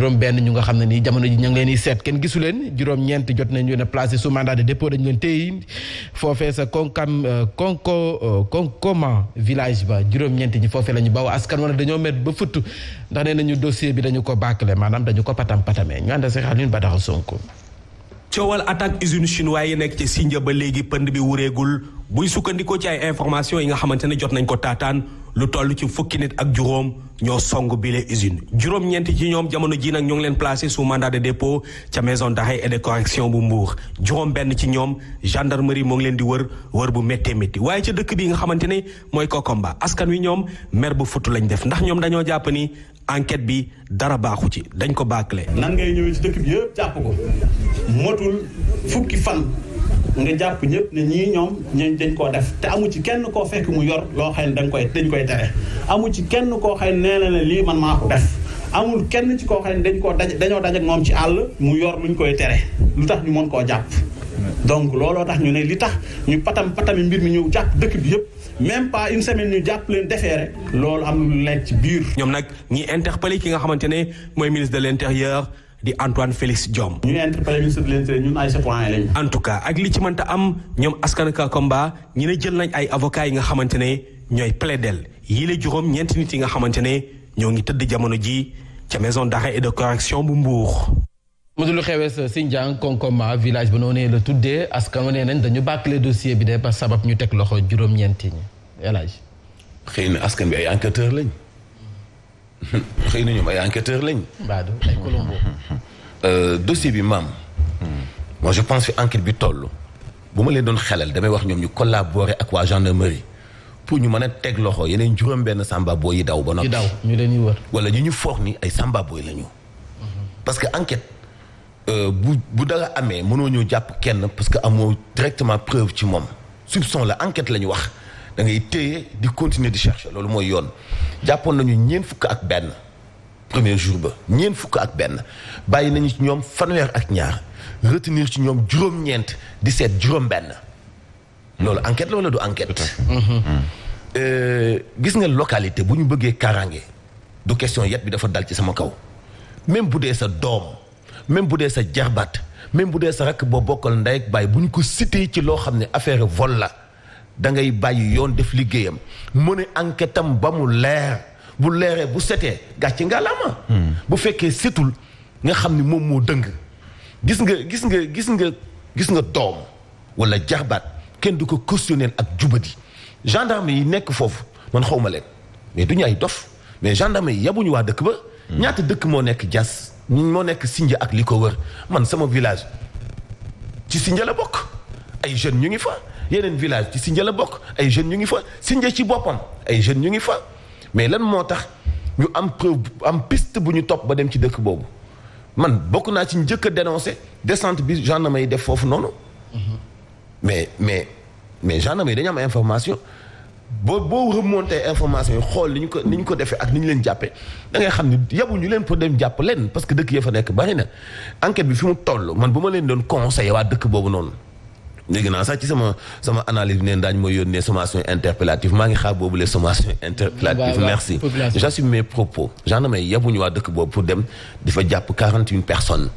juróom-benn ñu nga xam ne ni jamono ji ña ngi leen di seet kenn gisu leen juróom-ñeent jot nañu ne placé sous mandat de dépôt dañu leen téye foofee sa konkam euh, konko euh, konkoma ba juróom-ñeent ñi foofee la ñu baw ba futt ndax nee nañu ko bàkkale maanaam dañu ko patam patamee ñu ànd si ba bi wureegul buy sukkandikoo ci ay yi nga xamante ne jot nañ ko taataan. lu toll ci fukki nit ak juróom ñoo song bile usine juróom-ñeent ci ñoom jamono jii nag ñoo ngi leen placé sous mandat de dépôt ca maison d'arrêt et de correction bu Mbour juróom benn ci ñoom gendarmerie moo ngi leen di wër wër bu méttee métti waaye ca dëkk bi nga xamante ne mooy Kokomba askan wi ñoom mer bu futu lañ def ndax ñoom dañoo jàpp ni enquête bi dara baaxu ci dañ ko bâclé. nan ngay ñëwee ci dëkk bi yëpp jàpp ko motul fukki fan. nga jàpp ñëpp ne ñii ñoom ñooñu dañ koo def te amu ci kenn koo fekk mu yor loo xam ne dañ koy dañ koy tere amu ci kenn koo xam nee na ne lii man maa ko def amul kenn ci koo xam ne dañ koo daj dañoo daj moom ci àll mu yor luñ koy tere lu tax ñu mën koo jàpp. donc looloo tax ñu ne li tax ñu patam patami mbir mi ñëw jàpp dëkk bi yëpp même pas une semaine ñu jàpp leen defeere loolu am lu nekk ci biir. ñoom nag ñi interpellé ki nga xamante ne mooy ministre de l'intérieur. di Antoine Félix Diome. ñu ngi interpellé ministre de l'Intérieur ñun ay citoyen lañu. en tout cas ak li ci manta am ñoom askan ka combat ñu ne jël nañ ay avocats yi nga xamante ne ñooy plaidel yii la juróom ñeenti nit yi nga xamante ne ñoo ngi tëdd jamono ji ca maison d'arrêt et de correction bu Mbour. Modou lu xewee sa Sindian Konkoma village ba noonu la tuddee askan wi nee nañ dañu bàkkale dossier bi de par sabab ñu teg loxo juróom-ñeenti ñi xëy na askan bi ay enquêteurs lañ. xëy na ñoom ay enquêteurs lañ. Badou ay Colombo. Euh, dossier bi maam. moo je pense que enquête bi toll. bu ma leen doon xelal damay wax ñoom ñu collaborer ak waa gendarmerie pour ñu mën a teg loxo yeneen juróom-benn samba yi daw ba noppi. daw ñu leen di wër. wala ñu ñu foog ni ay samba boy la parce que enquête euh, bu bu dara amee mënoo ñëw jàpp kenn parce que amoo directement preuve ci moom soupçon la enquête la ñu wax. da ngay téye di continuer di chercher loolu mooy yoon jàppoon nañu ñeen fukk ak benn premier jour ba ñeen fukk ak benn bàyyi nañu ci ñoom fanweer ak ñaar retenir ci ñoom juróom-ñeent di seet juróom-benn loolu enquête la wala du enquête. Mm-hmm. Mm-hmm. Euh, gis nga localité bu ñu bëggee kaaraange du question yet bi dafa dal ci sama kaw même bu dee sa doom même bu dee sa jarbaat même bu dee sa rakk boo bokkal ndey ak baay bu ñu ko cité ci loo xam ne affaire vol la. da ngay bàyyi yoon def liggéeyam mu ne enquête ba mu leer bu leeree bu setee gàcce ngalaama bu fekkee setul nga xam ni moom moo dëng gis nga gis nga gis nga gis nga doom wala jarbaat kenn du ko questionner ak jubadi gendarme yi nekk foofu man xaw ma leen mais du ñu ay dof mais gendarme yi yabuñu waa dëkk ba ñaata dëkk moo nekk Diass moo nekk Sindia ak li ko wër man sama village ci Sindia la bokk ay jeunes ñu ngi fa yeneen village ci Sindia la bokk ay jeunes yu ngi fa Sindia ci boppam ay jeunes yu ngi fa mais lan moo tax ñu am preuve am piste bu ñu topp ba dem ci dëkk boobu man bokk naa ci njëkk a dénoncé descente bi gendarmerie def foofu noonu mm-hmm. mais mais mais gendarmerie dañu am information boo boo remonté information yi xool ni ñu ko ni ñu ko defee ak ni ñu leen jàppee da ngay xam ne yabu ñu leen pour dem jàpp leen parce que dëkk ya fa nekk bari na bi fi mu toll man bu ma leen doon conseillé waa dëkk boobu noonu dégg naa sax ci sama sama analyse bi neen daañu ma yónnee sommation interpellative maa ngi xaar boobu les sommation interpellative merci j'assume mes propos gendarme yi yabuñu waa dëkk boobu pour dem di fa jàpp quarante une personnes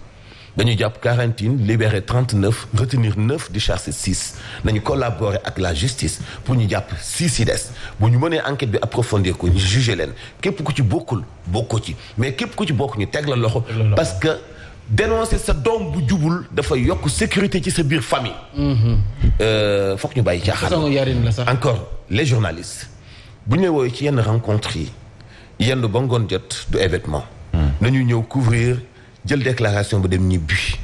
dañu jàpp quarante une libéré trente neuf retenir neuf di charger six nañu collaborer ak la justice pour ñu jàpp six yi des bu ñu mënee enquête bi approfondir ko ñu juger leen képp ku ci bokkul bokkoo ci mais képp ku ci bokk ñu teg la loxo parce dénoncer sa doom bu jubul dafa yokk sécurité ci sa biir famille. Mhm. Euh, foog ñu bàyyi caaxaan. yarin la sax encore les journalistes bu ñu woowee ci yenn rencontre yi yenn ba ngoon jot du événement. Hmm. nañu ñëw couvrir jël déclaration ba dem ñibbi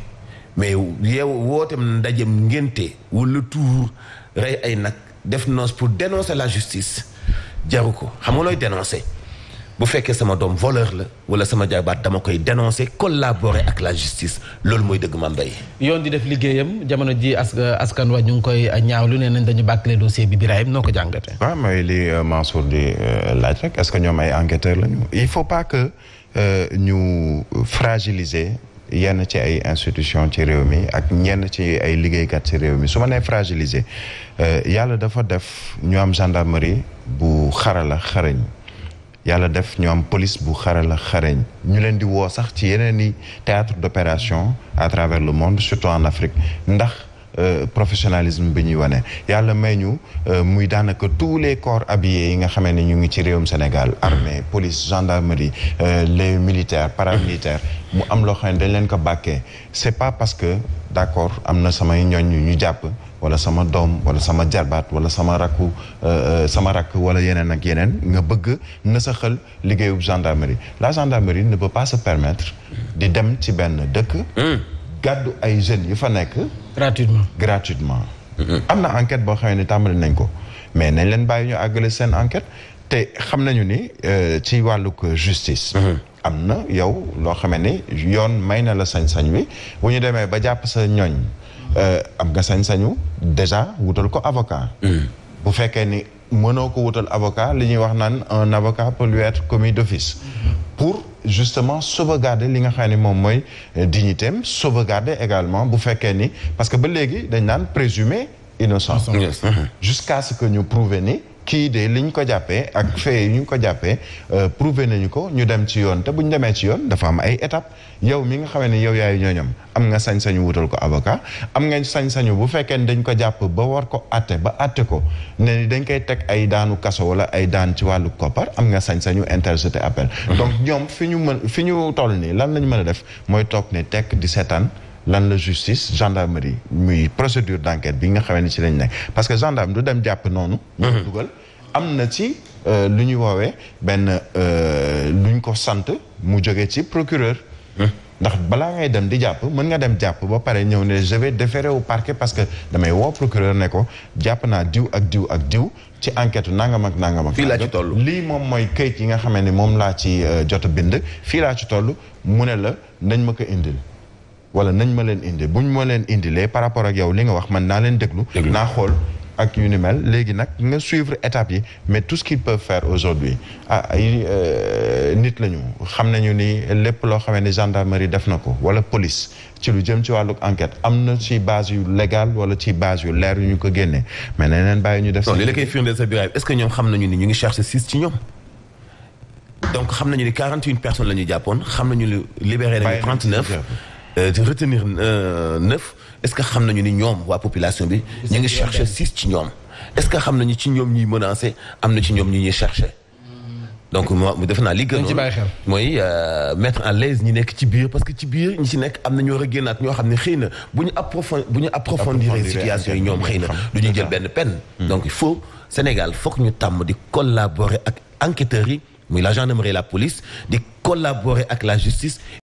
mais yow wootem ndajem ngénte wala tuur rey ay nag def noos pour dénoncer la justice jaru ko xam nga looy dénoncer. bu fekkee sama doom voleur la wala sama jaabaat dama koy dénoncer collaborer ak la justice loolu mooy dëgg Mame Mbaye yoon di def liggéeyam jamono ji as askan wa ñu ngi koy lu nee nañ dañu bàkkale dossier bi Birahim noo ko jàngate waaw mooy li euh, Mansour di euh, laaj rek est-ce que ñoom ay enquêteurs lañu il faut pas que euh, ñu fragiliser yenn ci ay institution ci réew mi ak ñenn ci ay liggéeykat ci réew mi su ma nee fragilisé yàlla dafa def ñu am gendarmerie bu xarala xarañ yàlla def ñu am police bu xarala xareñ ñu leen di woo sax ci yeneen i théâtre d'opération à travers le monde surtout en Afrique ndax Euh, professionnalisme bi ñuy wane yàlla may ñu euh, muy daanaka tous les corps habillés yi nga xamee ne ñu ngi ci réewum Sénégal armée police gendarmerie euh, les militaires paramilitaires mu am loo xam ne dañ leen ko bàkkee c'est pas parce que d'accord am na samay ñooñ ñu jàpp wala sama doom wala sama jarbaat wala sama rakku sama rakk wala yeneen ak yeneen nga bëgg na sa xel liggéeyub gendarmerie la gendarmerie ne peut pas se permettre di dem ci benn dëkk hmm. gàddu ay jeunes yu fa nekk. gratuitement gratuitement. Mm-hmm. am na enquête boo xam ne tàmbali nañ ko mais nañ leen bàyyi ñu àggale seen enquête te xam nañu ni euh, ci wàllug justice. Mm-hmm. am na yow loo xamee ni yoon may na la sañ-sañ wi bu ñu demee ba jàpp sa ñooñ euh, am nga sañ-sañu déjà wutal ko avocat. Mm-hmm. bu fekkee ni mënoo ko wutal avocat li ñuy wax naan un avocat peut lui être commis d'office justement sauvegarder li nga xam ne moom mooy euh, dignitéem sauvegarder également bu fekkee ni parce que ba léegi dañ naan présumé innocent jusqu'à ce que ñu prouve ni kii de liñ ko jàppee ak fee yi ñu ko jàppee euh, prouvé nañu ko ñu dem ci yoon te bu ñu demee ci yoon dafa am ay étape yow mi nga xamee ne yow yaayu ñooñam am nga sañ-sañu wutal ko avocat am nga sañ-sañu bu fekkee ne dañ ko jàpp ba war ko atte ba atte ko ne ni dañ koy teg ay daanu kaso wala ay daan ci wàllu koppar am nga sañ-sañu interjeté appel mm-hmm. donc ñoom fi ñu mën fi ñu toll nii lan lañ mën a def mooy toog ni tekk di setan lan la justice gendarmerie muy procédure d'enquête bi nga xamee ne ci lañ nekk parce que gendarme du dem jàpp noonu ñu mm-hmm. dugal am na ci euh, lu ñuy woowee benn euh, luñ ko sant mu jóge ci procureur ndax balaa ngay dem di jàpp mën nga dem jàpp ba pare ñëw ne je vais wu au parquet parce que damay woo procureur ne ko jàpp naa diw ak diw ak diw ci enquête nangam ak nangam ak. fii laa toll lii moom mooy kayit yi nga xamee ne moom laa ci euh, jot a bind. fii laa ci toll mu ne la nañ ma ko indil wala nañ ma leen indi buñ ma leen indilee par rapport ak yow li nga wax man naa leen déglu. naa xool. ak ñu ni mel léegi nag nga suivre étapes yi mais tout ce qu'ils peuvent faire aujourd'hui ah ay euh, nit la ñu xam nañu ni lépp loo xamee ni gendarmerie def na ko wala police ci lu jëm ci wàllu enquête am na ci base yu légal wala ci base yu leer yu ñu ko génne mais nañ leen bàyyi ñu def. si li la koy firndeel sa biir est-ce que ñoom xam nañu ni ñu ngi chercher six ci ñoom. donc xam nañu ni 41 personnes la ñu jàppoon xam nañu libéré nañu 39. Euh, retenir euh, neuf est-ce que xam nañu ni ñoom waa population bi. ñu ngi cherché six ci ñoom. est-ce que xam nañu ci ñoom ñuy menacé am na ci ñoom ñu ñuy cherché. donc mu defe naa li gënoon mooy euh, mettre à l'aise ñi nekk ci biir parce que ci biir ñi ci nekk am na ñoo war ñoo xam ni xëy na bu ñu approfondi bu ñu approfondir situation yi ñoom xëy na du ñu jël benn peine. Hmm. donc il faut Sénégal foog ñu tàmm di collaborer ak enquêteurs yi muy la gendarmerie la police di collaborer ak la justice.